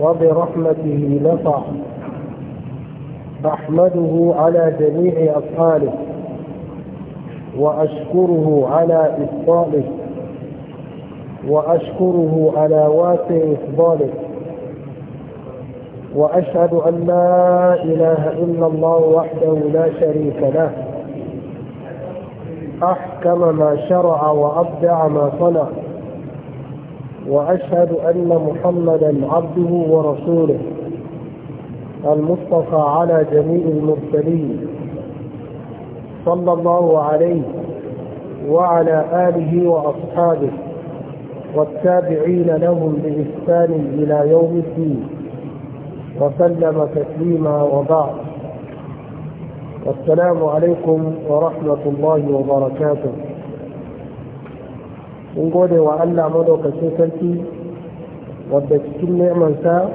وبرحمته نفع أحمده على جميع أفعاله وأشكره على إفضاله وأشكره على واسع إفضاله وأشهد أن لا إله إلا الله وحده لا شريك له أحكم ما شرع وأبدع ما صنع واشهد ان محمدا عبده ورسوله المصطفى على جميع المرسلين صلى الله عليه وعلى اله واصحابه والتابعين لهم باحسان الى يوم الدين وسلم تسليما وبعد والسلام عليكم ورحمه الله وبركاته In gode wa Allah madaukacin sarki wadda cikin nemansa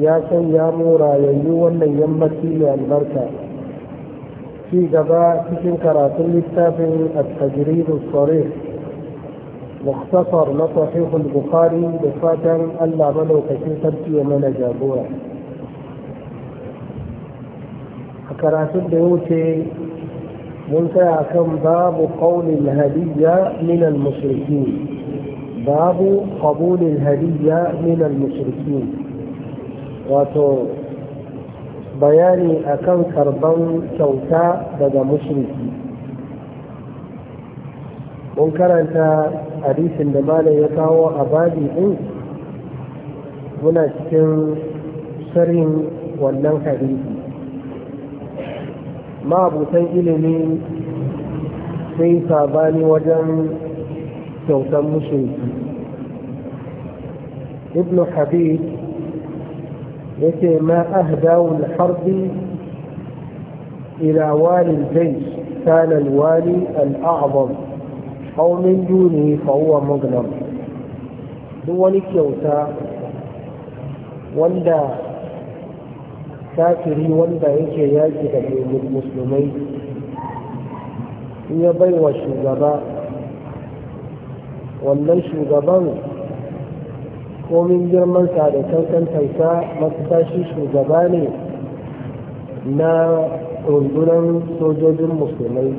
ya san ya mu rayayyu wannan yammaci mai albarka ci gaba cikin karatun littafin at-tajrid as na مختصر da fatan fatan Allah ملو sarki ya mana jagora. a karatun da ya wuce منتهى كم باب قول الهدية من المشركين باب قبول الهدية من المشركين واتو بياني أكن كربا كوتا بدا مشركي منكر أنت حديث النمال يتاوى أبادي إن هنا سكن سرين ولن حديثي mabutan ilimi sai sabani wajen kyautan mushriki ibn habib yake ma ahdawu harbi ila wali jaish كان الوالي الأعظم أو من دونه فهو مغنم دون كيوتا وندا kafiri wanda yake yaki da musulmai ya bai wa shugaba wannan shugaban komin girmansa da masu shi shugaba ne na rundunar sojojin musulmai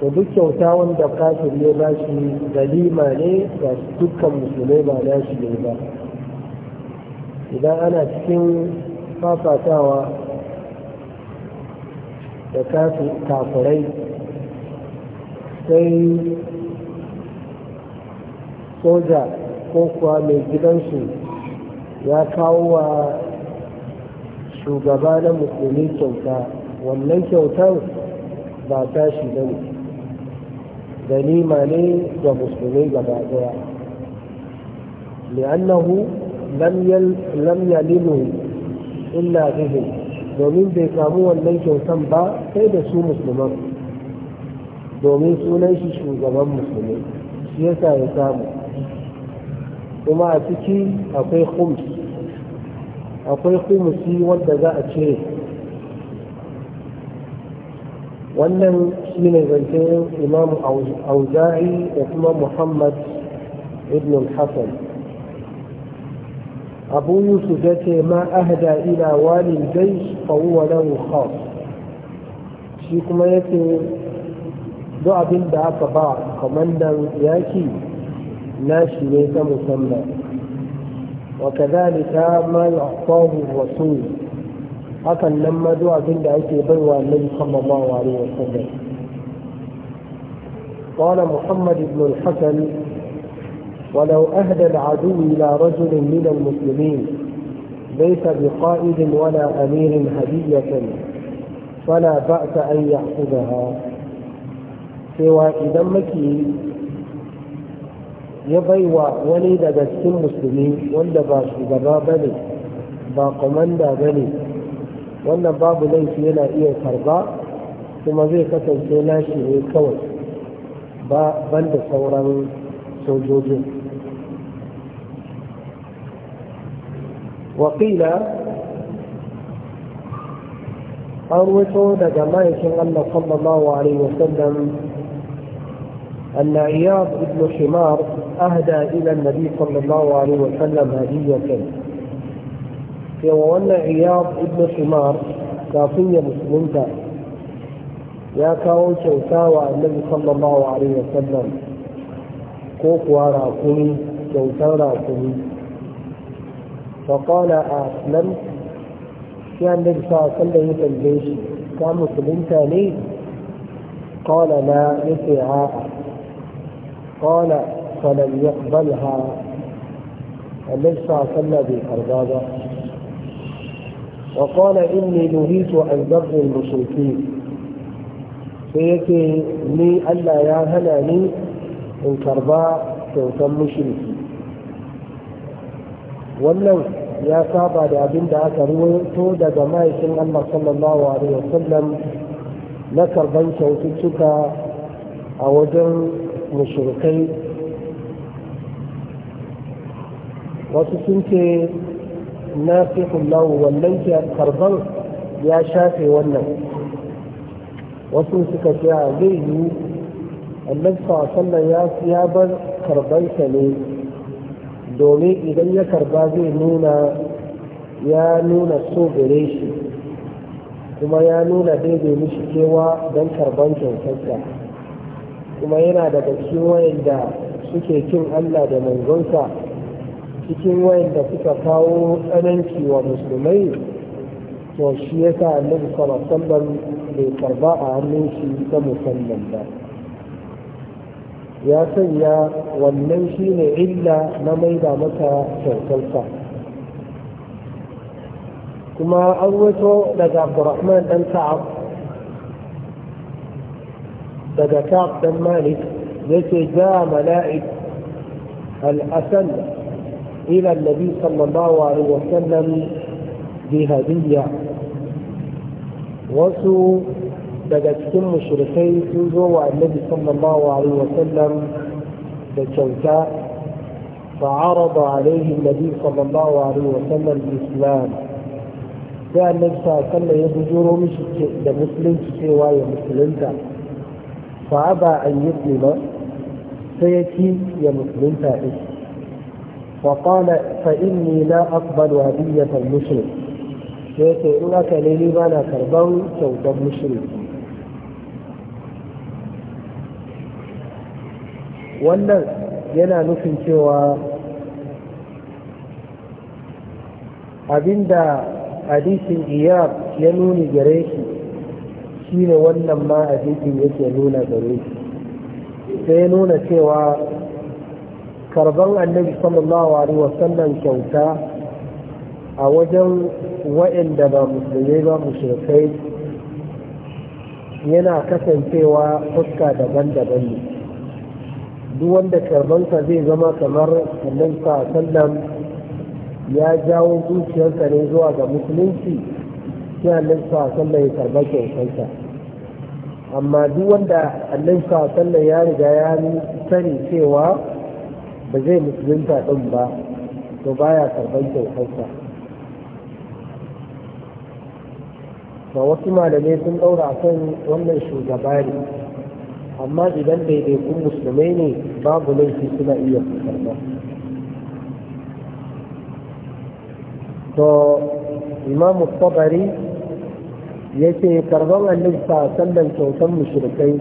to duk kyauta wanda kafin ya ba shi galima ne ga dukkan musulmai ba na shi ne ba idan ana cikin fafatawa da kafirai sai soja ko kuwa mai gidansu ya kawo wa shugaba na musulmi kyauta wannan kyautar ba tashi ba ne ganima ne ga musulmi gaba daya li'annahu lam yalilu illa bihim domin bai samu wannan kyautan ba sai da su musulman domin sunan shi shugaban musulmi shi yasa ya samu kuma a ciki akwai khums akwai khumsi wanda za a ce wannan shi ne zancen imamu auza'i da kuma muhammad ibn Hassan. أبو يوسف ذاته ما أهدى إلى والي الجيش فهو له خاص شيخ شيكما يتي دعا بلدعا فبع قمندا ياكي ناشي ليس مسمى وكذلك ما يعطاه الرسول حقا لما دعا بلدعا بلوى النبي صلى الله عليه وسلم قال محمد بن الحسن ولو أهدى العدو إلى رجل من المسلمين ليس بقائد ولا أمير هدية فلا بأس أن يأخذها سوى إذا مكي يبي وليد بس المسلمين ولا باش باشغبا بني دا بني ولا باب ليس ينا إيه كربا ثم ذي كتن سيناشي إيه كوي بل da sauran وقيل an wato daga صلى الله عليه وسلم أن عياض بن حمار أهدى إلى النبي صلى الله عليه وسلم هدية وأن عياض بن حمار كافية مسلمة يا كاو شوكاوى النبي صلى الله عليه وسلم كوكوى راكوني شوكاوى راكوني فقال أسلمت يعني النبي صلى الله عليه وسلم ليش؟ كان مسلم ثاني قال لا يطيعها قال فلم يقبلها النبي صلى الله عليه وسلم بكربابة وقال إني نهيت عن ذر المشركين فيكي لي ألا يا هناني إن كرباء توتم مشركين wannan ya saba da abin da aka ruwaito daga ma'aikin Allah sallallahu alaihi wasallam na karban kyaututtuka a wajen mushrikai wasu sun ce na fi kullahu wannan karban ya shafe wannan wasu suka ce a zai yi annabi sallallahu ya bar karban ne domin idan ya karba zai nuna ya nuna so gare shi kuma ya nuna daidai mishi cewa don karban kyautarsa kuma yana daga cikin wayanda suke cin Allah da manzonsa cikin wayanda suka kawo tsananci wa musulmai to shi yasa annabi sallallahu alaihi wasallam bai karba a hannun shi ta musamman ba ya sanya wannan shi ne illa na maida mata kyautarsa kuma an wato daga abdurrahman dan ka'ab daga ka'ab dan malik yake ja mala'ik al-asal ila annabi sallallahu alaihi wasallam bi hadiyya wasu daga cikin mashirkai sun zo wa annabi sallallahu alaihi wasallam da فعرض عليه النبي صلى الله عليه وسلم الاسلام كان نفسه صلى يبجر مش مسلم سوى يا مسلم فابى ان يسلم فيكي يا مسلم فقال فاني لا اقبل هديه المشرك سيتي اولى كليلي ما لا تربو سوى المشرك wannan yana nufin cewa abinda hadisin iyab ya nuni gare shi shine wannan ma hadisin yake nuna gare shi sai nuna cewa karban annabi sallallahu alaihi wasallam kyauta a wajen waɗanda ba musulmai ba musulmai yana kasancewa fuska daban-daban ne duk wanda karbanta zai zama kamar annabi sallam ya jawo zuciyarsa ne zuwa ga musulunci sai sa sallam ya karba kyautarsa amma duk wanda sa sallam ya riga ya sani cewa ba zai musulunta ɗin ba to baya karban kyautarsa ba wasu malamai sun ɗaura kan wannan shugaba amma idan kun musulmai ne babu laifi suna iya karɓa to imamu tabari ya ce karɓar annabta sallan kyautar mushrikai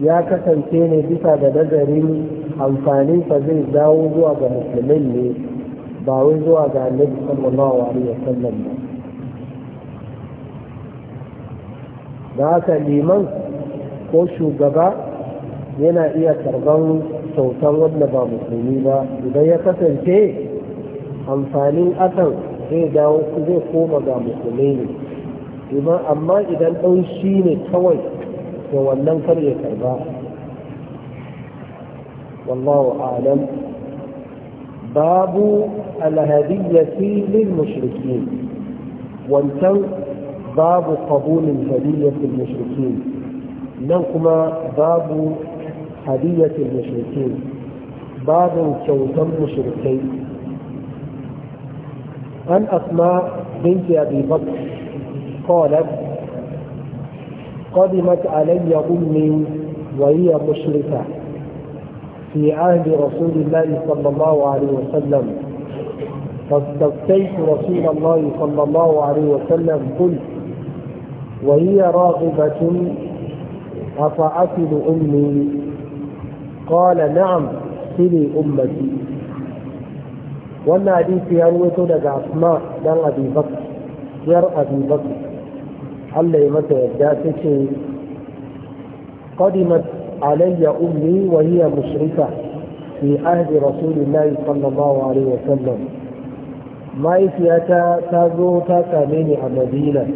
ya kasance ne bisa da nazarin amfani fa zai dawo zuwa ga musulmai ne ba wai zuwa ga annabi sallallahu alaihi wasallam ba da haka liman ko shugaba yana iya karban sautan wanda ba musulmi ba idan ya kasance amfanin akan zai dawo zai koma ga musulmi ne amma idan ɗan shi ne kawai to wannan kar ya karba wallahu alam babu alhadiyyati lil mushrikin wancan babu qabulin hadiyyati lil mushrikin نوكما باب هدية المشركين باب كوثم المشركين عن أسماء بنت أبي بكر قالت قدمت علي أمي وهي مشركة في عهد رسول الله صلى الله عليه وسلم فاستفتيت رسول الله صلى الله عليه وسلم قلت وهي راغبة أطاعتي أمي قال نعم سلي أمتي وما في أنوث لك أسماء دان أبي بكر جر أبي بكر حل يمتع الدافش قدمت علي أمي وهي مشرفة في أهل رسول الله صلى الله عليه وسلم ما يفيتا تازو تاكا مني المدينه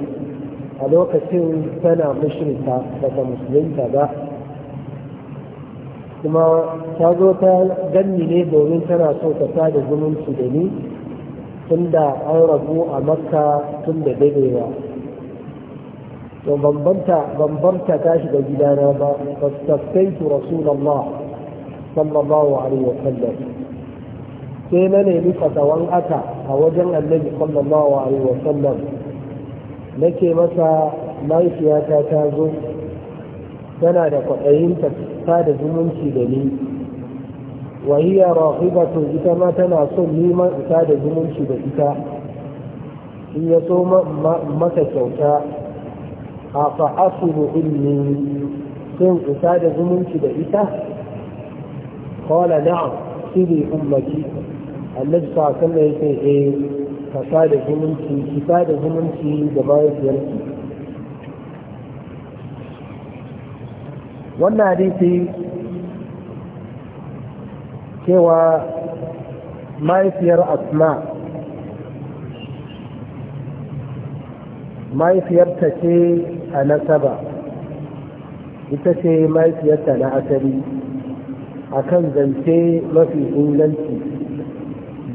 a lokacin tana mushrika daga musulunta ba kuma ta zo ta ganni ne domin tana so ta sada zumunci da ni tun da an rabu a makka tun da daidaiwa to bambanta ta shiga gidana ba fastafaitu rasulallah sallallahu alaihi wa sallam sai na nemi fatawan aka a wajen annabi sallallahu alaihi wa sallam nake masa mahaifiyata ta zo tana da kwaɗayin ta da zumunci da ni wa hiya rahibatu ita ma tana son neman ta da zumunci da ita in ya so masa kyauta a fa'asulu inni sun isa da zumunci da ita qala na'am sidi ummati annabi sallallahu alaihi wasallam yake eh kasa da zumunci kisa da zumunci da mahaifiyarki wannan hadisi cewa mahaifiyar asma mahaifiyarta ce a nasaba ita ce mahaifiyarta na asali a kan zance mafi inganci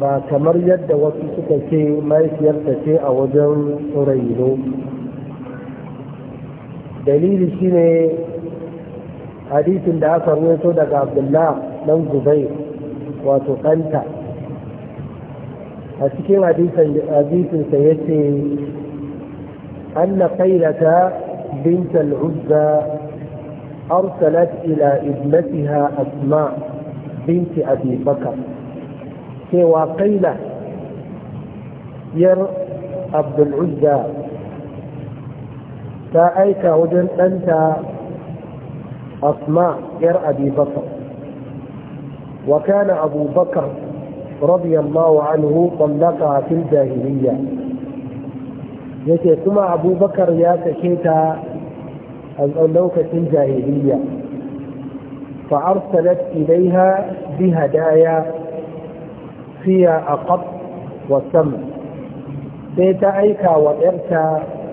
ba kamar yadda wasu suka ce mahaifiyarta ce a wajen tsiraino dalili shine hadisin da aka ruwaito daga abdullah dan zubai wato kanta a cikin hadisinsa ya ce أن binta بنت العزى أرسلت ila ابنتها أسماء بنت أبي بكر cewa kaila yar abdul'uzza ta aika wajen ɗanta asma yar abubakar wa kana abubakar radiyallahu anhu tsallaka fil jahiliya yake kuma abubakar ya sake ta a lokacin jahiliya ilaiha إليها hadaya siya a kwab wa sai ta aika wa ɗarta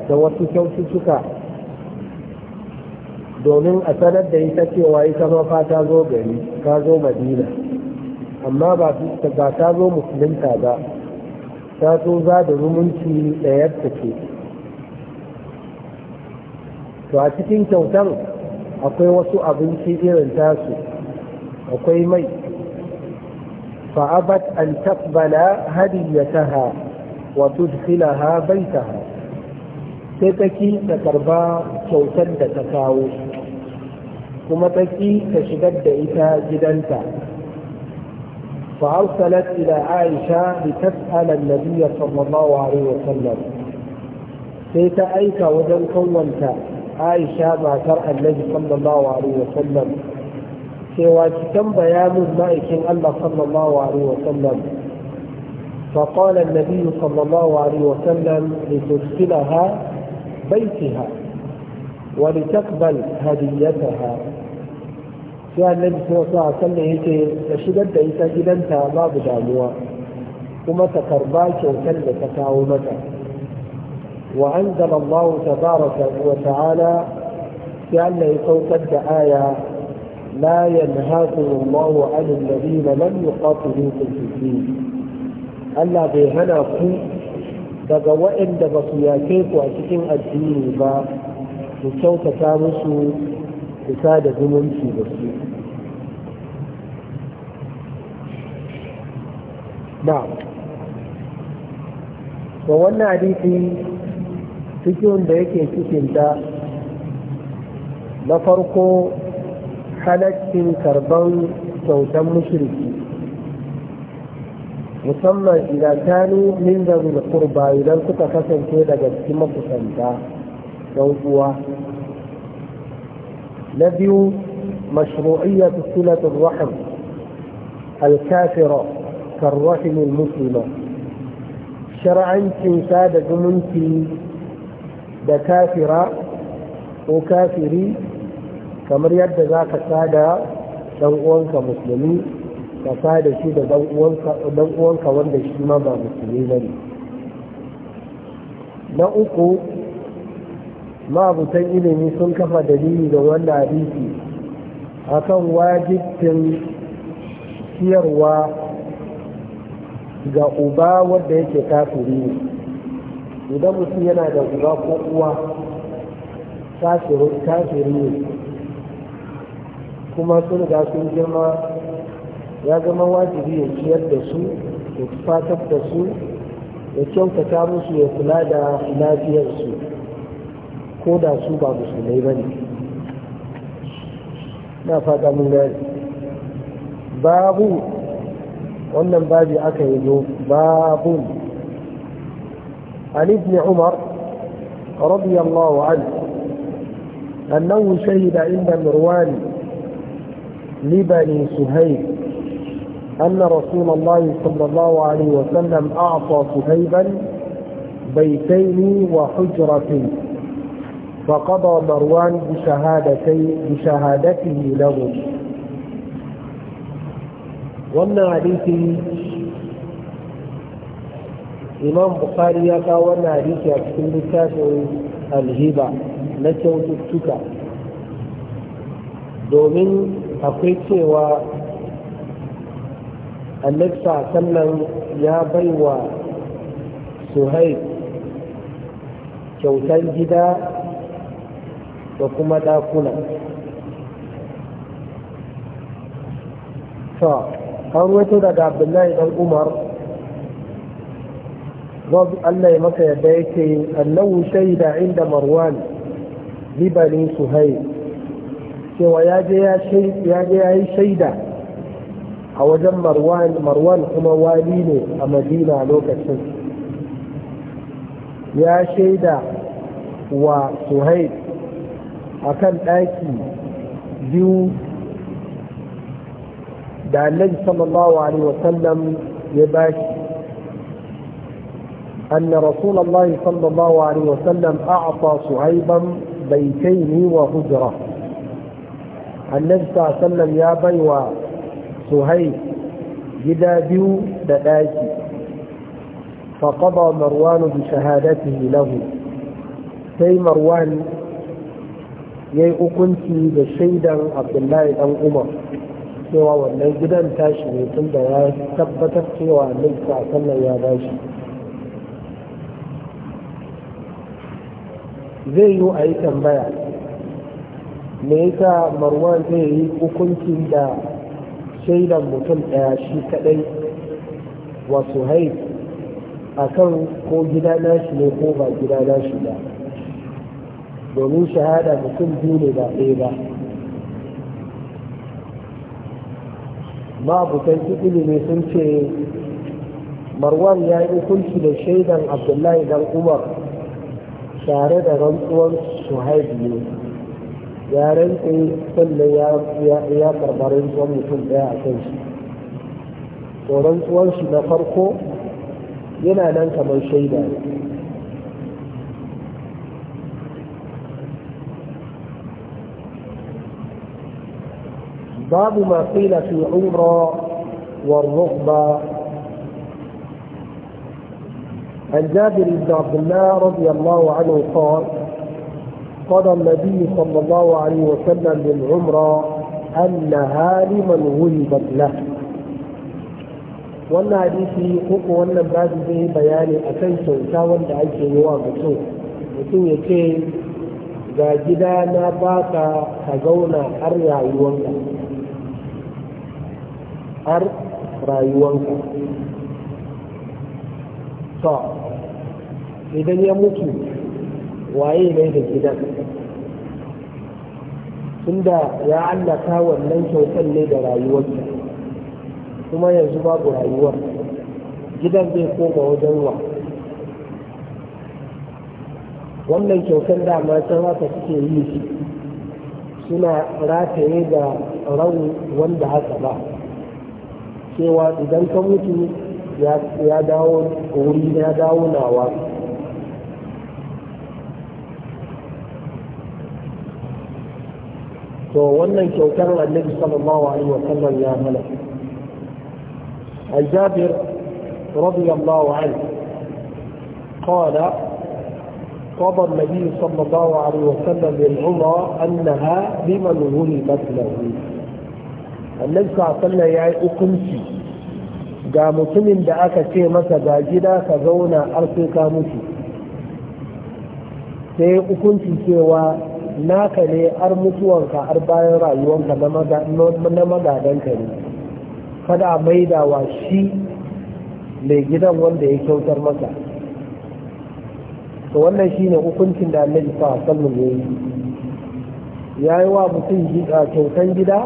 da wasu kyaututtuka domin a sanar da ita cewa ita mafa ta zo gari ta zo madina amma ba ta zo musulunta ba ta zo za da zumunci da take ce to a cikin kyautan akwai wasu abinci irin tasu akwai mai فأبت أن تقبل هديتها وتدخلها بيتها تتكي تكربا كوتا تكاو كما تكي تشدد إتا جدنتا فأرسلت إلى عائشة لتسأل النبي صلى الله عليه وسلم سيتأيك وجن كونتا عائشة ما ترأى النبي صلى الله عليه وسلم cewa بيان bayanin ma'aikin صلى الله عليه وسلم فقال النبي صلى الله عليه وسلم لتدخلها بيتها ولتقبل هديتها في النبي صلى الله عليه وسلم يجي يشدد إيسا إذا أنت ما بدا موا وما تكرباك وكل تكاومك وأنزل الله تبارك وتعالى في أن يصوت آية لا ينهاكم الله عن الذين لم يقاتلوكم في الدين ألا بيهناكم daga waɗanda ba su yake ku a cikin addini ba ku kyautata musu kusa da zumunci da su na to wannan hadisi cikin da yake cikinta na farko halaccin karban kyautan mushriki musamman idan ta min zarur kurba idan suka kasance daga cikin makusanta don uwa na biyu mashru'iyyar sulatun rahim alkafira karrahimin musulman shara'ancin sa da zumunci da kafira ko kafiri kamar yadda za ka sada dan uwanka musulmi ka sada shi da dan uwanka wanda shi ma ba musulmi ba ne na uku mabutan ilimi sun kafa dalili da wannan hadisi akan wajibcin ciyarwa ga uba wadda yake kafiri ne idan mutum yana da uba ko uwa kafiri ne kuma sun riga sun girma ya zama wajibi ya ciyar da su ya fatar da su ya kyautata musu ya kula da lafiyarsu ko da su ba musulmai ba ne na fata mun gari. babu wannan babi aka yi zo babu عن ابن عمر رضي الله عنه أنه شهد عند مروان لبني سهيب أن رسول الله صلى الله عليه وسلم أعطى سهيبا بيتين وحجرة فقضى مروان بشهادتي بشهادته له ومن حديث إمام بخاري يقا ومن حديث يكتب كتاب الهبة لكوتتك دومين akwai cewa alexa sannan ya baiwa suhai kyautar gida da kuma dakuna to an wato daga abdullahi dan umar babu allah ya maka yadda yake annahu shaida inda marwan libani suhaib cewa ya je ya yi shaida a wajen marwan marwan kuma wali ne a madina lokacin ya shaida wa suhaib a kan ɗaki biyu da annabi sallallahu alaihi wasallam ya bashi أن رسول الله صلى الله عليه وسلم أعطى صهيبا بيتين وهجرة annabi sallam ya baiwa suhai gida biyu da ɗaki faƙaba marwanu bi shahadatihi lahu sai marwan ya yi hukunci da shaidan abdullahi dan umar cewa wannan gidan tashi ne tun da ya tabbatar cewa annabi sallam ya bashi zai yi a yi tambaya me yasa marwan zai yi hukuncin da shaidan mutum ɗaya shi kaɗai wa suhaib a kan ko gida nashi ne ko ba gida nashi ba domin shahada mutum biyu ne ba ɗaya ba mabutan ilimi sun ce marwan ya yi hukunci da shaidan abdullahi dan umar tare da rantsuwar suhaib ne يا رنتي كل يا يا يا بربرين زم كل يا عشان ورنت وانش ما فرقه ينا لنك من شيء ده بعض ما قيل في عمر والرغبة عن جابر بن عبد الله رضي الله عنه قال قضى النبي صلى الله عليه وسلم بالعمرة أنها لمن وهبت له wannan hadisi uku wannan babu zai bayani a kan kyauta wanda ake yi wa mutum mutum ya ce ga gida na baka ka zauna har rayuwanka har rayuwanka to idan ya mutu waye ne da gidan tunda ya allaka wannan kyautan ne da rayuwarsa kuma yanzu babu rayuwar gidan zai koma wajen wa wannan kyautan dama can haka suke yi shi suna rataye da rauwanda wanda haka ba cewa idan ka mutu ya dawo wuri ya dawo nawa to wannan kyautar annabi sallallahu alaihi wa sallam ya mala al-jabir radiyallahu anhu qala قضى النبي صلى الله عليه وسلم bil umra annaha liman له النبي صلى الله عليه وسلم يعني ga mutumin da aka ce masa ga gida ka zauna har sai ka mutu sai hukunci cewa naka ne har mutuwanka har bayan rayuwanka na magadanka ne kada maidawa shi mai gidan wanda ya kyautar maka to wannan shi ne hukuncin da annabi sa sallu ya ya yi wa mutum kyautan gida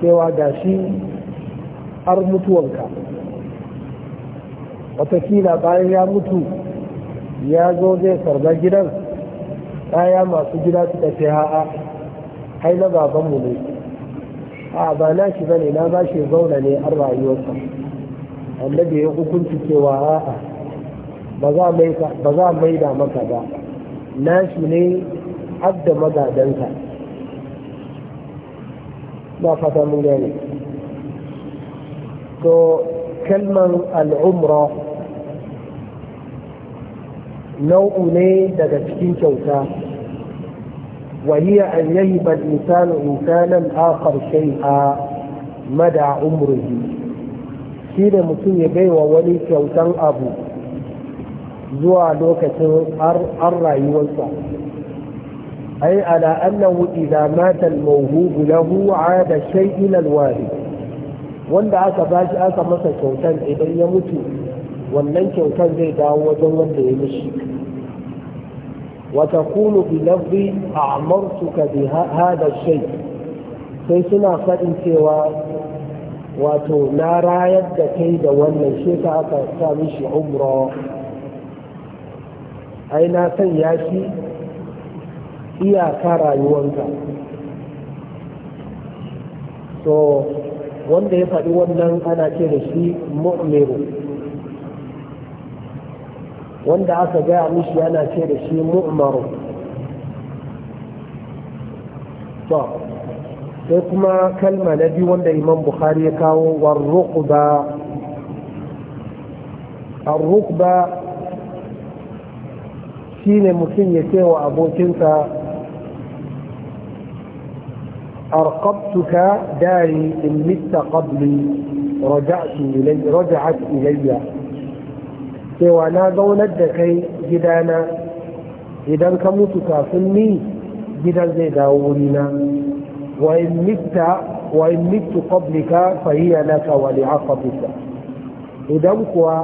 cewa ga shi har mutuwanka Wataƙila bayan ya mutu ya zo zai sarga gidan kaya masu gida su ce a'a ai na babanmu ne a ba na shi bane na ba shi zauna ne an rayuwarsa annabi ya hukunci cewa a'a ba za mai da maka ba na shi ne abda magadanka ba fata mun gani. to kalman al'umra nau'u ne daga cikin kyauta وهي أن يهب الإنسان إنسانا آخر شيئا مدى عمره شيء mutum ya bai wani kyautan abu zuwa lokacin an rayuwarsa ai ala annahu idza mata al-mawhubu lahu ada shay'in al wanda aka bashi aka masa kyautan idan ya mutu wannan kyautar zai dawo wajen wanda ya mishi وتقول ka bi hada shai. sai suna faɗin cewa wato na rayar da kai da wannan shi ka aka sa mishi umra ai na ya shi iyaka rayuwanka so wanda ya faɗi wannan ana ce da shi mu'miru wanda aka ga mishi yana ce da shi mu'maru to sai kuma kalma na biyu wanda imam bukhari ya kawo warruqba arruqba shine mutum ya ce wa abokinsa arqabtuka dari in mitta qabli رجعت إلي رجعت إلي cewa na zaunar da kai gidana idan ka mutu kafin ni gidan zai dawo wurina wa in mitta wa in mitu qablika fa hiya laka wa li aqabika idan kuwa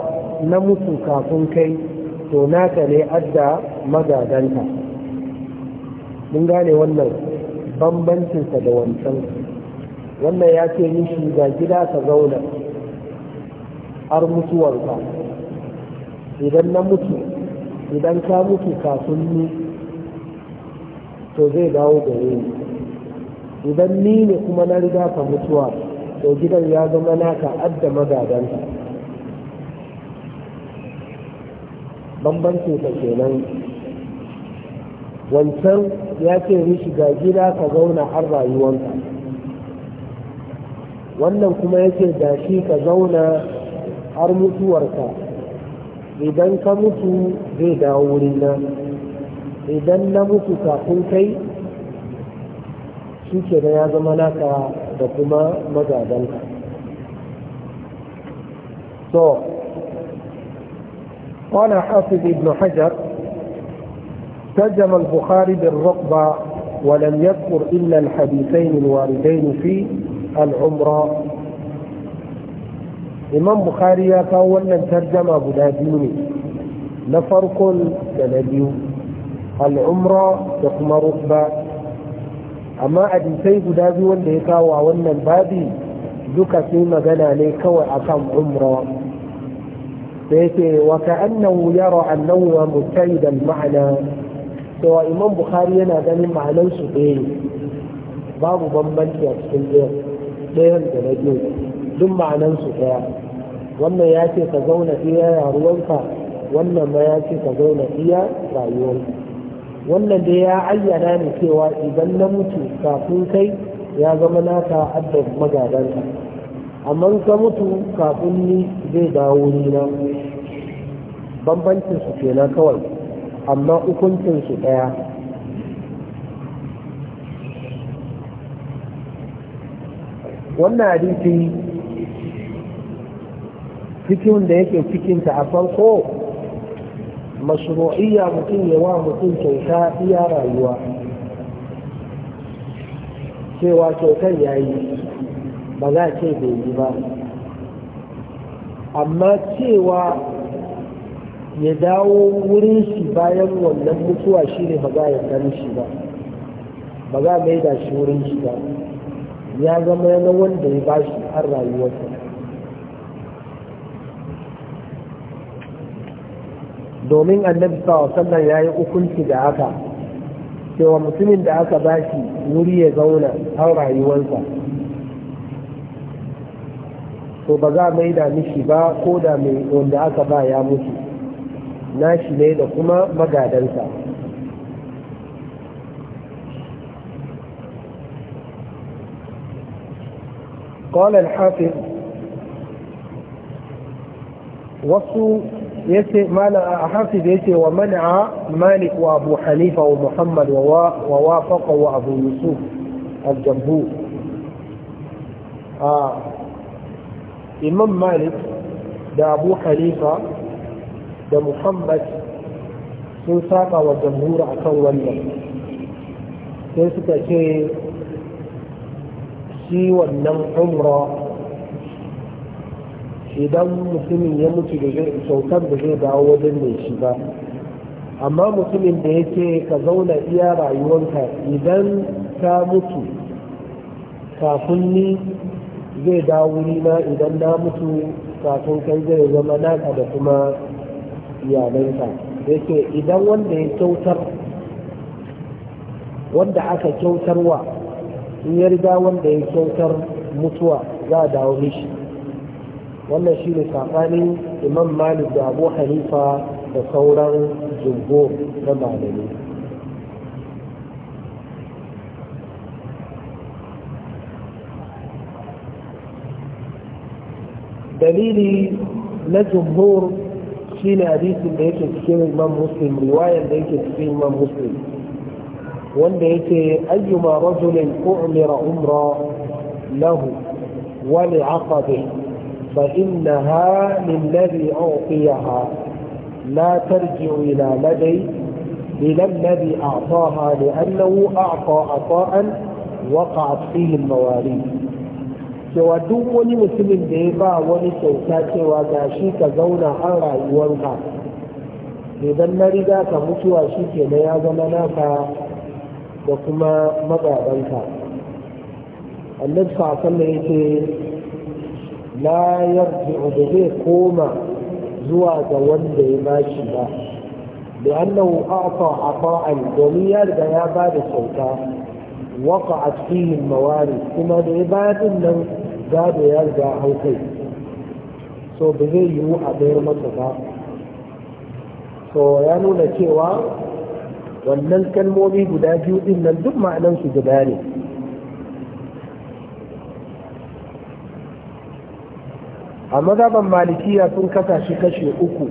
na mutu kafin kai to naka ne adda magadanka mun gane wannan bambancinsa da wancan wannan ya ce mishi ga gida ka zauna har mutuwarka idan na mutu idan ka mutu kafin ni to zai dawo gare ni idan ni ne kuma na riga ka mutuwa to gidan ya zama naka adda magadanka bambancin ka kenan wancan ya ce ni ga gida ka zauna har rayuwanka wannan kuma ya ce da shi ka zauna har mutuwarka idan ka mutu zai dawo wurina idan na mutu kafin kai shi ke ya zama naka da kuma magadanka to قال حافظ ابن حجر ترجم البخاري بالرقبة ولم يذكر إلا الحديثين الواردين في العمرة imam bukari ya kawo wannan tarjama guda biyu ne na farkon da na biyu al'umra da kuma rukba amma hadisai guda biyu wanda ya kawo a wannan babi duka sai magana ne kawai akan umra sai ce wa ka'annahu yara annahu wa mutaidan ma'ana cewa imam bukari yana ganin ma'anar su ɗaya babu bambanci a cikin ɗayan da na biyu duk ma'anan su daya wannan ya ce ka zauna iya yaruwanka wannan ma ya ce ka zauna iya rayuwar wannan da ya ayyana ne cewa idan na mutu kafin kai ya zama naka adda magadan amma ka mutu kafin ni zai dawo ni na bambancin su kenan kawai amma hukuncin su daya wannan hadisi Fikin da yake cikinta a farko mashru'iyya mutum yawa mutum kyauta iya rayuwa cewa kyautar ya yi ba za ce bai yi ba amma cewa ya dawo wurin shi bayan wannan mutuwa shi ne ba za ya gani shi ba ba za mai da shi wurin shi ba ya zama yana wanda ya ba shi har rayuwarsa domin annabi sannan ya yi hukunci da haka cewa mutumin da aka bashi wuri ya zauna har rayuwarsa to ba za mai da mishi ba ko da mai wanda aka ba ya mutu nashi ne da kuma magadansa قال الحافظ wasu. yace malam hafiz yace wa man'a malik wa abu hanifa wa muhammad wa wa wafaqa wa abu yusuf al-jambu ah imam malik da abu hanifa da muhammad sun saba wa jamhur akan wannan sai suka ce shi wannan umra idan mutumin ya mutu da zai kyautar da zai dawo wajen mai shi ba amma mutumin da yake ka zauna iya rayuwanka idan ka mutu kafin ni zai dawo wurina idan na mutu kafin kai zai zama naka da kuma iyalanka yake idan wanda ya kyautar wanda aka kyautarwa in ya riga wanda ya kyautar mutuwa za a dawo mishi wannan shi ne saɓanin imam malik da abu hanifa da sauran jungo na malami dalili na jumhur shi ne hadisin da yake cikin imam muslim riwayar da yake cikin imam muslim wanda yake ayyuma rajulin umira umra lahu wa li فإنها للذي أعطيها لا ترجع إلى لدي إلى الذي أعطاها لأنه أعطى عطاء وقعت فيه المواريث cewa duk wani mutumin da ya ba wani kyauta cewa ga shi ka zauna an rayuwarka idan na riga ka mutuwa shi ke na ya zama naka da kuma magabanka annabi sa sallah yake la yarji da zai koma zuwa ga wanda ya ba shi ba da annahu a'ta domin ya riga ya ba kyauta waka a cikin mawari kuma da ya bayan nan gado ya riga haukai so ba zai yi a bayar masa ba so ya nuna cewa wannan kalmomi guda biyu din nan duk ma'anansu guda ne. ne a mazaban malikiya sun kasa shi kashe uku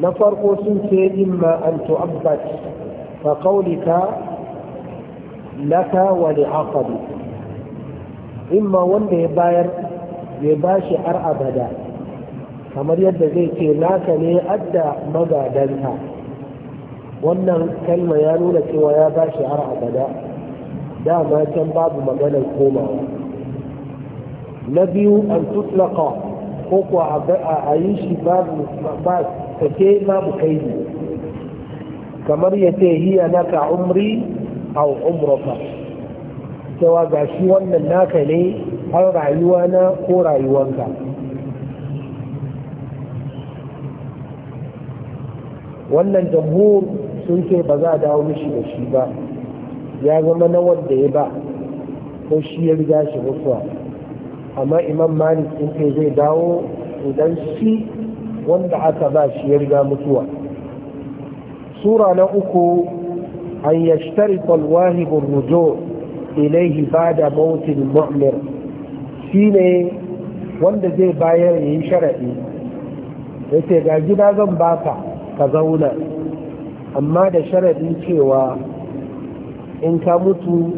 na farko sun ce imma an tu'abbat fa qawlika laka wa li'aqabi imma wanda ya bayar ya bashi har abada kamar yadda zai ce naka ne adda magadanta wannan kalma ya nuna cewa ya bashi har abada dama can babu maganar komawa na biyu an tutlaka ko kuwa a yi shi ba ke babu kai kamar ya ce hiya naka umri au umrata cewa ga shi wannan naka ne har rayuwa na ko rayuwanka wannan jamhur sun ce ba za a dawo mishi da shi ba ya zama na wanda ya ba ko shi ya riga shi mutuwa amma imam malik in ce zai dawo idan shi wanda aka ba shi ya riga mutuwa sura na uku an yashtari Falwahi rujo ilaihi bada mautin mu'mir ne wanda zai bayar yayi ya ce ga gida zan baka ka zauna amma da sharadi cewa in ka mutu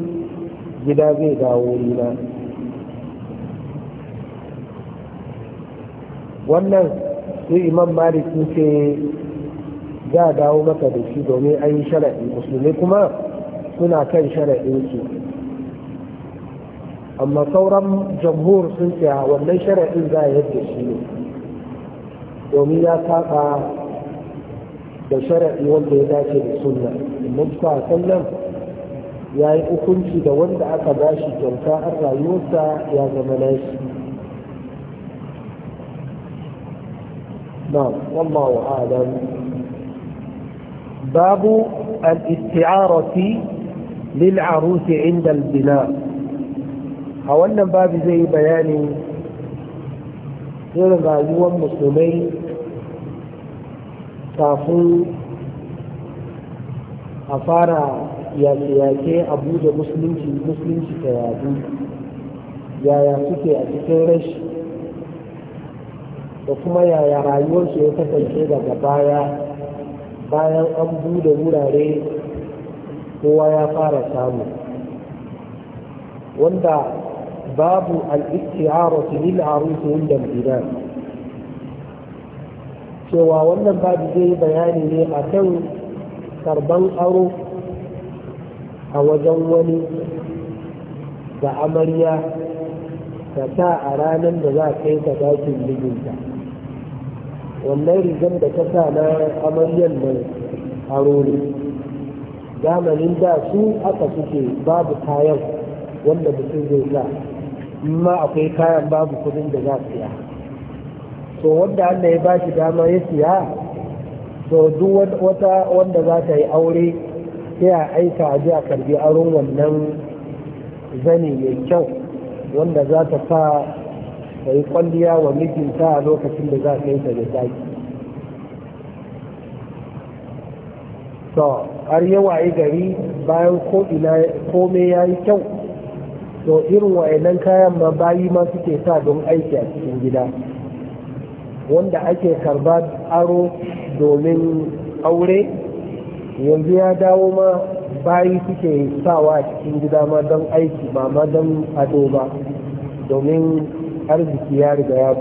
gida zai dawo na wannan su imam malik sun ce za a dawo maka da shi domin an yi sharaɗi musulmi kuma suna kan shara'in su amma sauran jamhur sun ce wannan shara'in za a yadda shi ne domin ya saba da shara'i wanda ya dace da sunna a sallan ya yi hukunci da wanda aka bashi kyauta an rayuwarsa ya zama nashi نعم والله أعلم باب الاستعارة للعروس عند البناء أولا باب زي بياني ما غازوا مسلمين كافو أفارا yake abuja musulunci musulunci ta yadu ya ya suke يا cikin rashi da kuma yaya rayuwarsu ya kasance daga baya bayan an buɗe wurare kowa ya fara samu wanda babu al'isti'aratu lil arusi inda al cewa wannan babu zai yi bayani ne a kan karban aro a wajen wani da amarya da ta a ranar da za a kai ta dakin mijinta wannan rigar da ta sa na amaryan nan a ne zamanin da su aka suke babu kayan wanda mutum zai sa ma akwai kayan babu kudin da za siya to wanda Allah ya ba shi dama ya siya to duk wata wanda za ta yi aure sai a aika a a karbi aron wannan zane mai kyau wanda za ta sa Ka yi kwalliya wa mijinta a lokacin da za ka yi ta da zaki to har yawa yi gari bayan kome ya yi kyau to irin wa'annan kayan ma bayi ma suke sa don aiki a cikin gida wanda ake karba aro domin aure yanzu ya dawo ma bayi suke sawa a cikin gida ma don aiki ba ma don ado ba domin الاختيار بياض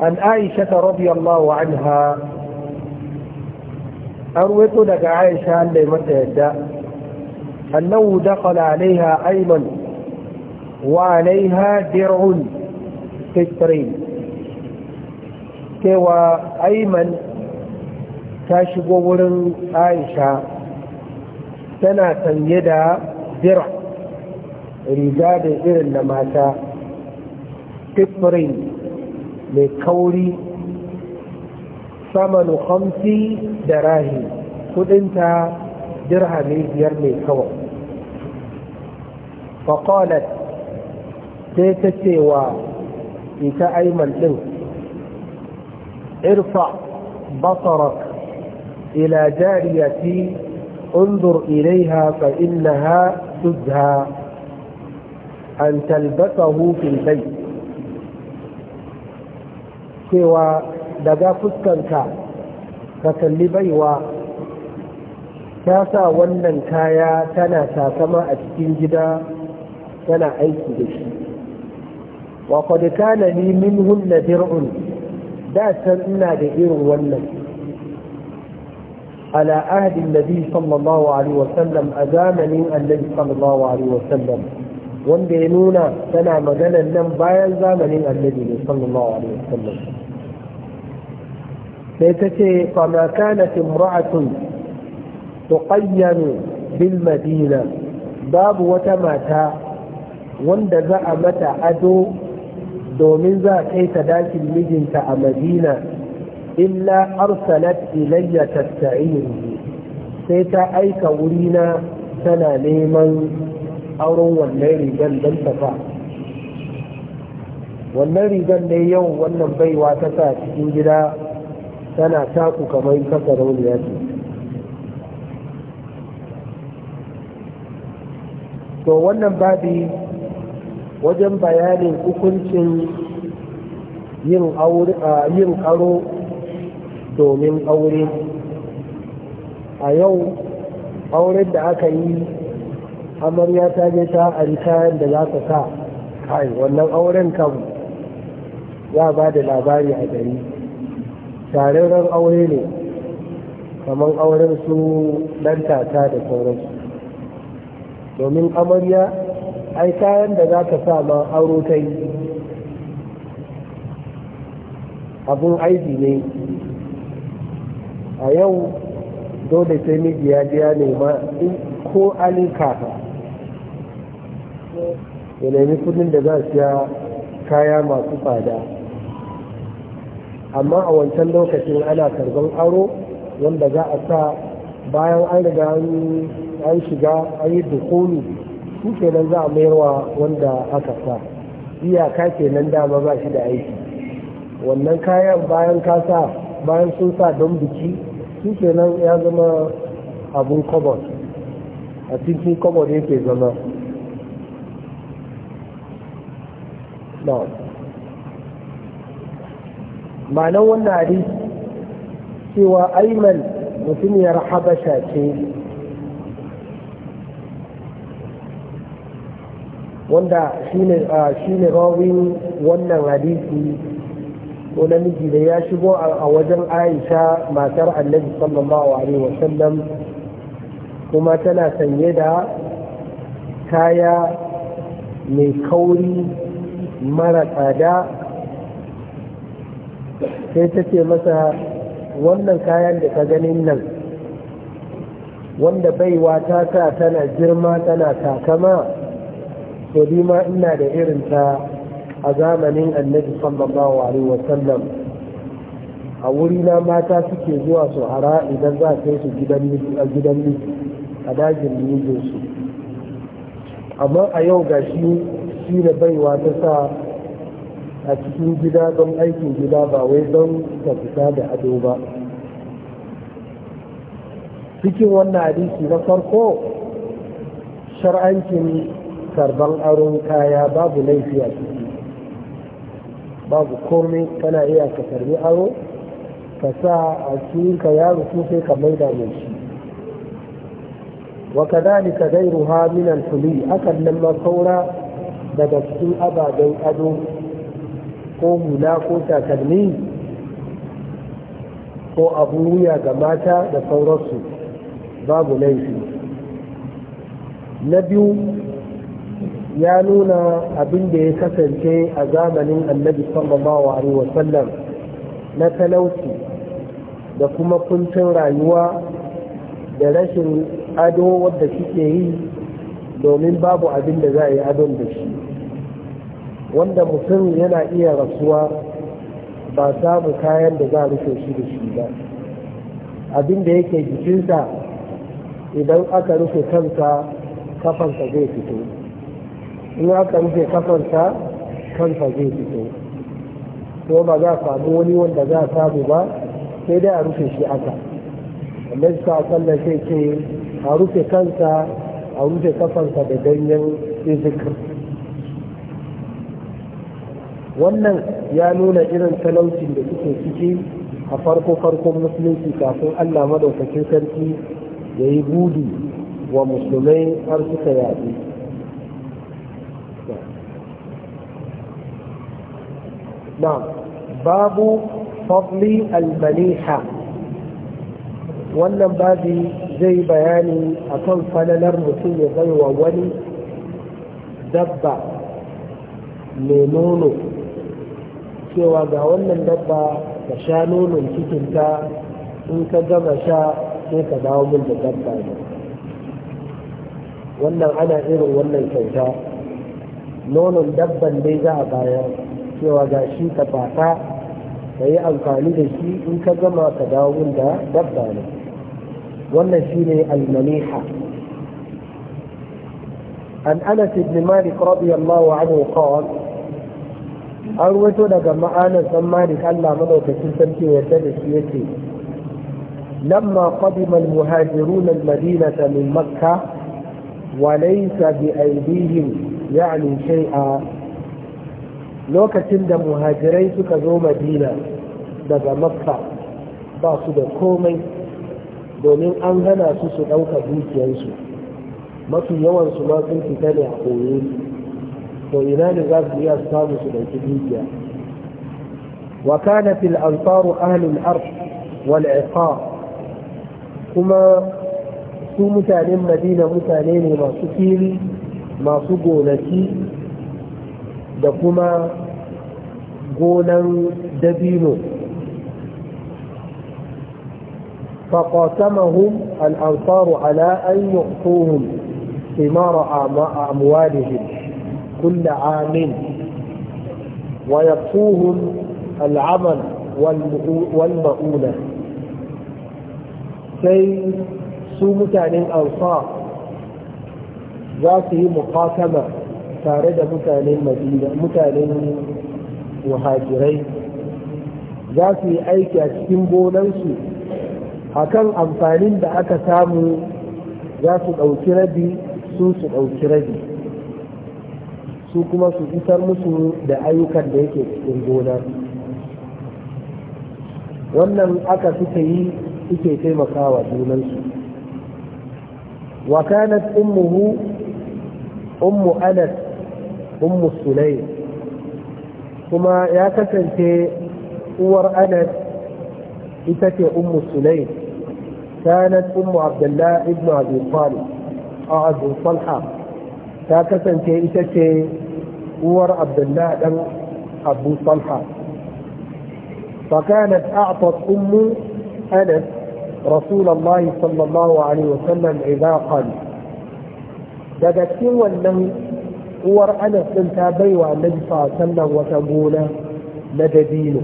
عن عائشة رضي الله عنها أرويت لك عائشة عن لي متهدى أنه دخل عليها أيمن وعليها درع فترين كوا أيمن تشغور عائشة سنة يدى درع riga da irin na mata tifrin mai kauri samanu hamsi da rahi kudinta dirhami biyar mai kawai faƙolat sai ta cewa ita aiman ɗin irfa basarak ila jariyati انظر إليها فإنها تزهى an talbasa hufin bayt cewa daga fuskanka ka kalli baiwa ta sa wannan kaya tana takama a cikin gida tana aiki da shi wa qad kana li minhun dir'un da san ina da irin wannan ala ahdi nabi sallallahu alaihi wa sallam a zamanin annabi sallallahu alaihi wa sallam wanda ya nuna tana maganar nan bayan zamanin annabi ne sallallahu alaihi wasallam sai ta ce fama kanat imra'atun tuqayyanu bil madina babu wata mata wanda za a mata ado domin za a kai ta dakin mijinta a madina illa arsalat ilayya tasta'iru sai ta aika wurina tana neman auren wannan rigan don ta sa wannan rigan ne yau wannan baiwa ta sa cikin gida tana taku kamar kasa rauniya ce to wannan babi wajen bayanin hukuncin yin aro domin aure a yau auren da aka yi amarya ta je ta ari kayan da za ka sa kai wannan auren kan ya ba da labari a gari tararren aure ne kamar auren su dan tata da sauransu domin amarya ai kayan da za ka sa ma aro ta yi abun aiki ne a yau dole ta miji ya biya nema ko alin kafa ya nemi kudin da za siya kaya masu fada amma a wancan lokacin ana karban aro wanda za a sa bayan an riga an shiga an yi dukuni su kenan za a mayarwa wanda aka sa iyaka kenan dama ba shi da aiki wannan kayan bayan kasa bayan sun sa don biki su kenan ya zama abun kobot a cikin kobot yake zama na'am ma'anar wannan hadisi cewa aiman mutumiyar habasha ce wanda shi ne rawin wannan hadisi ko namiji da ya shigo a wajen aisha matar annabi sallallahu alaihi wasallam kuma tana sanye da kaya mai kauri mara tsada sai ta ce masa wannan kayan da ka ganin nan wanda baiwa ta sa tana girma tana takama to ma ina da irin ta a zamanin annabi sallallahu alaihi wasallam a wurina mata suke zuwa su hara idan za kai su gidan miji a dajin su. amma a yau gashi shi da baiwa ta sa a cikin gida don aikin gida ba wai don ta fita da ado ba cikin wannan hadisi na farko shar'ancin karban aron kaya babu laifi a ciki babu komai kana iya ka karbi aro ka sa a cikin ka yaro ko sai ka maida mai shi وكذلك غيرها من الحلي أكد لما صورا daga cikin ababen ado ko hula ko takalmi ko abu wuya ga mata da sauransu babu laifi na biyu ya nuna abin da ya kasance a zamanin annabi sallallahu alaihi wasallam na talauci da kuma kuntun rayuwa da rashin ado wadda suke yi domin babu abin da za a yi adon da shi wanda mutum yana iya rasuwa ba samu kayan da za a rufe shi da shi ba abin da yake jikinsa idan aka rufe kansa kafansa zai fito in aka rufe kafansa kansa zai fito ko ba za a samu wani wanda za a samu ba sai dai a rufe shi aka annabi sa sallan sai ce a rufe kansa a rufe kafansa da ganyen izikir wannan ya nuna irin talaucin da suke ciki a farko farkon musulunci kafin allah madaukakin sarki ya yi gudu wa musulmai har suka yaɗu Babu باب al المليحة wannan babi zai bayani a kan falalar mutum ya baiwa wani dabba mai nono cewa ga wannan dabba ka sha nonon cikinta in ka gama sha sai ka dawo min da dabba ne wannan ana irin wannan kyauta nonon dabban dai za a bayar cewa ga shi ka fata ka yi amfani da shi in ka gama ka dawo min da dabba ne wannan shi ne almaniha عن انس بن مالك رضي الله an ruwato daga ma'anar san malik Allah madaukakin sarki yadda da shi yake lamma qadima al-muhajirun al-madinata min makka wa laysa bi aydihim ya'ni shay'a lokacin da muhajirai suka zo madina daga makka ba su da komai domin an hana su su ɗauka dukiyarsu mafi yawansu ma sun fita ne a koyo الطويلان غاب لي الثالث الهجرية وكانت الأنصار أهل الأرض والعقاب كما سو متانين مدينة متانين ما سكين ما سقونتي دكما قولا دبينو فقاسمهم الأنصار على أن يعطوهم ثمار أموالهم كل عام ويكفوهم العمل والمؤونة كي سومت عن الأنصار ذاته مقاتمة تارد متعن المدينة متعن المهاجرين ذاته أي كأسكين بولنسي أكان أمطالين بأكتامه ذاته أو كردي سوس أو كردي su kuma su isar musu da ayyukan da yake cikin gonar wannan aka suka yi suke taimakawa junansu wa kanat ummuhu ummu anas ummu Sulai? kuma ya kasance uwar anas ita ce ummu Sulai? كانت أم عبد الله ابن أبي طالب أعز طلحة ta kasance ita ce عبد الله بن أبو طلحة فكانت أعطت أم أنس رسول الله صلى الله عليه وسلم عباقا دقتين هو uwar anas ɗin ta bai wa annabi sallan wata gona na dabino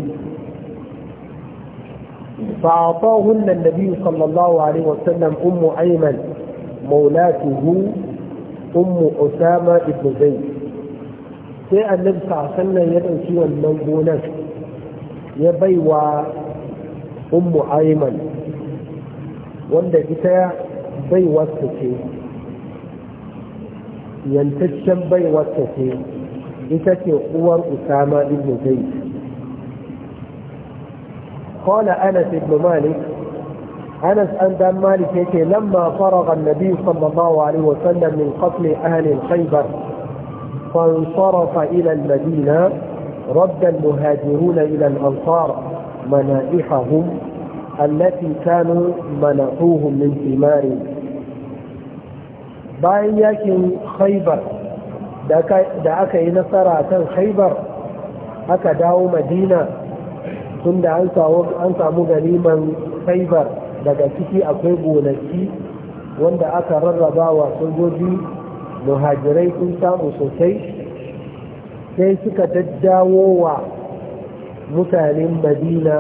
فأعطاهن النبي صلى الله عليه وسلم أم أيمن مولاته أم أسامة بن زيد sai annabi sallallahu ya dauki wannan gonar ya baiwa ummu aiman wanda ita bai wasu ce yantaccen bai wasu ce ita ce uwar usama ibn zaid قال انس بن مالك انس ان مالك يكي لما فرغ النبي صلى الله عليه وسلم من قتل اهل khaybar فانصرف إلى المدينة رد المهاجرون إلى الأنصار منائحهم التي كانوا منعوهم من ثمار bayan yakin khaibar da aka yi nasara kan khaibar aka dawo madina tun da an samu gariman khaibar daga ciki akwai gonaki wanda aka rarraba wa sojoji muhajirai sun samu sosai sai suka daddawo wa mutanen madina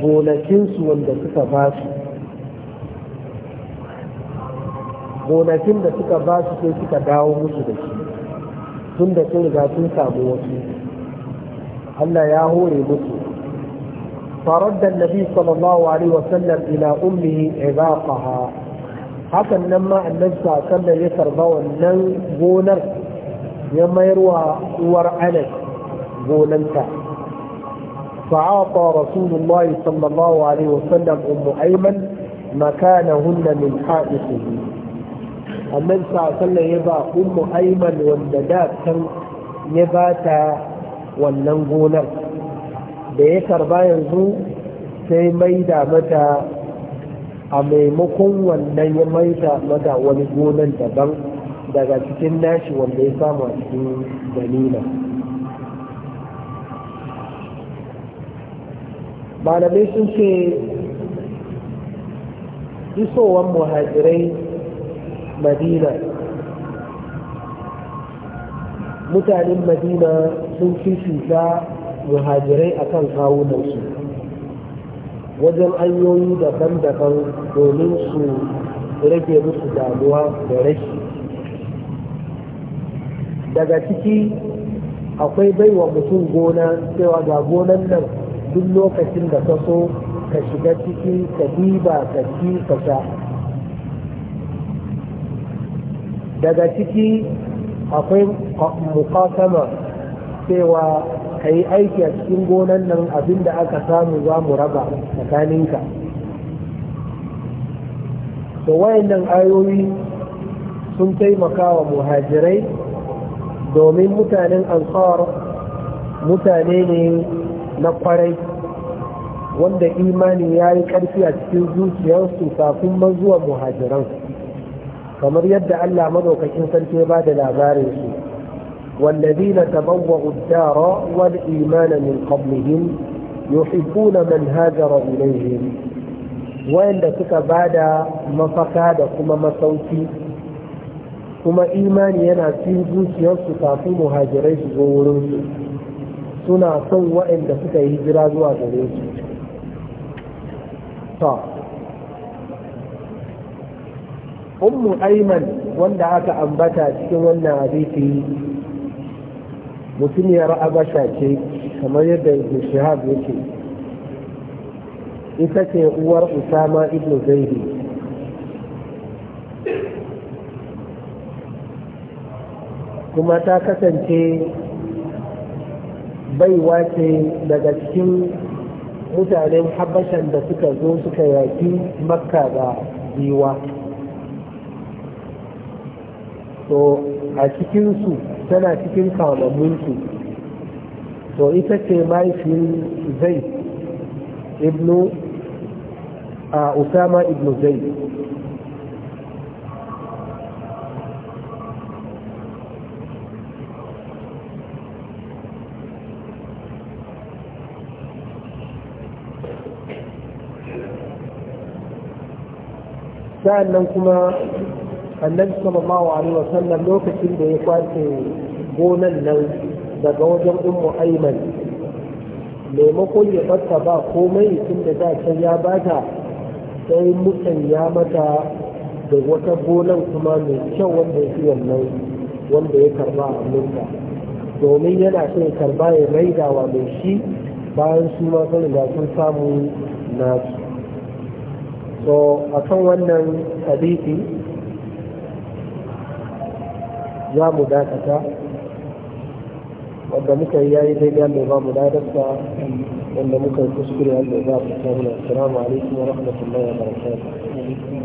gonakinsu wanda suka ba su gonakin da suka ba su sai suka dawo musu da shi tun da sun riga sun samu wasu Allah ya hore musu فرد النبي صلى الله عليه وسلم إلى أمه عباقها hakan nan ma annabi ya karba wannan gonar ya mayar wa uwar anas gonanta فأعطى رسول الله صلى الله عليه وسلم أم أيمن مكانهن من حائطه annan sa'asalla ya ba ummu aiman wanda da can ya ba ta wannan gonar da ya karba yanzu sai mai mata a maimakon wannan ya maida mada wani gonan daban daga cikin nashi wanda ya samu a cikin ganina malamai sun ce isowar muhajirai madina mutanen madina sun fi muhajirai akan kawunansu wajen hanyoyi daban-daban domin su rage musu damuwa da rashi daga ciki akwai baiwa mutum gona cewa ga gonan nan duk lokacin da ka so ka shiga ciki ka diba ka ci ka sha daga ciki akwai mukasama cewa ka yi aiki a cikin gonan nan abin da aka samu za mu raba tsakaninka da wayannan ayoyi sun taimaka wa muhajirai domin mutanen ansar mutane ne na kwarai wanda imani ya yi ƙarfi a cikin zuciyarsu kafin mazuwa muhajiran kamar yadda allah madaukakin sarki ba da labarin su والذين تبوغوا الدار والإيمان من قبلهم يحبون من هاجر إليهم وإن دكتا بعد ما فكاد كما ما توتي كما إيمان ينا تنبوش ينسو تعطي مهاجرين جورون سنا سن وإن دكتا هجرا جوازلين طا طيب. أم أيمن وإن دعاك أنبتا تكون وإن mutumiyar abasha ce kamar yadda ibn shihab yake ita ce uwar usama ibn zaidi kuma ta kasance baiwa ce daga cikin mutanen habashan da suka zo suka yaki makka da biwa so a cikin su tana cikin kamammunsu to ita ce mahaifin zai ibnu a usama ibnu zai sa'an nan kuma annabi sallallahu alaihi wasallam lokacin da ya kwace gonan nan daga wajen ummu aiman maimakon ya bata ba komai tun da za can ya bata sai mutan ya mata da wata gonan kuma mai kyau wanda ya fi wannan wanda ya karba a minta domin yana so ya karba ya maidawa mai shi bayan su ma sun da sun samu nasu so akan wannan hadisi za mu dakata wanda muka yi yayi daidai Allah ba mu dakata wanda muka yi kuskure Allah ba mu tsaro assalamu alaikum wa rahmatullahi wa barakatuh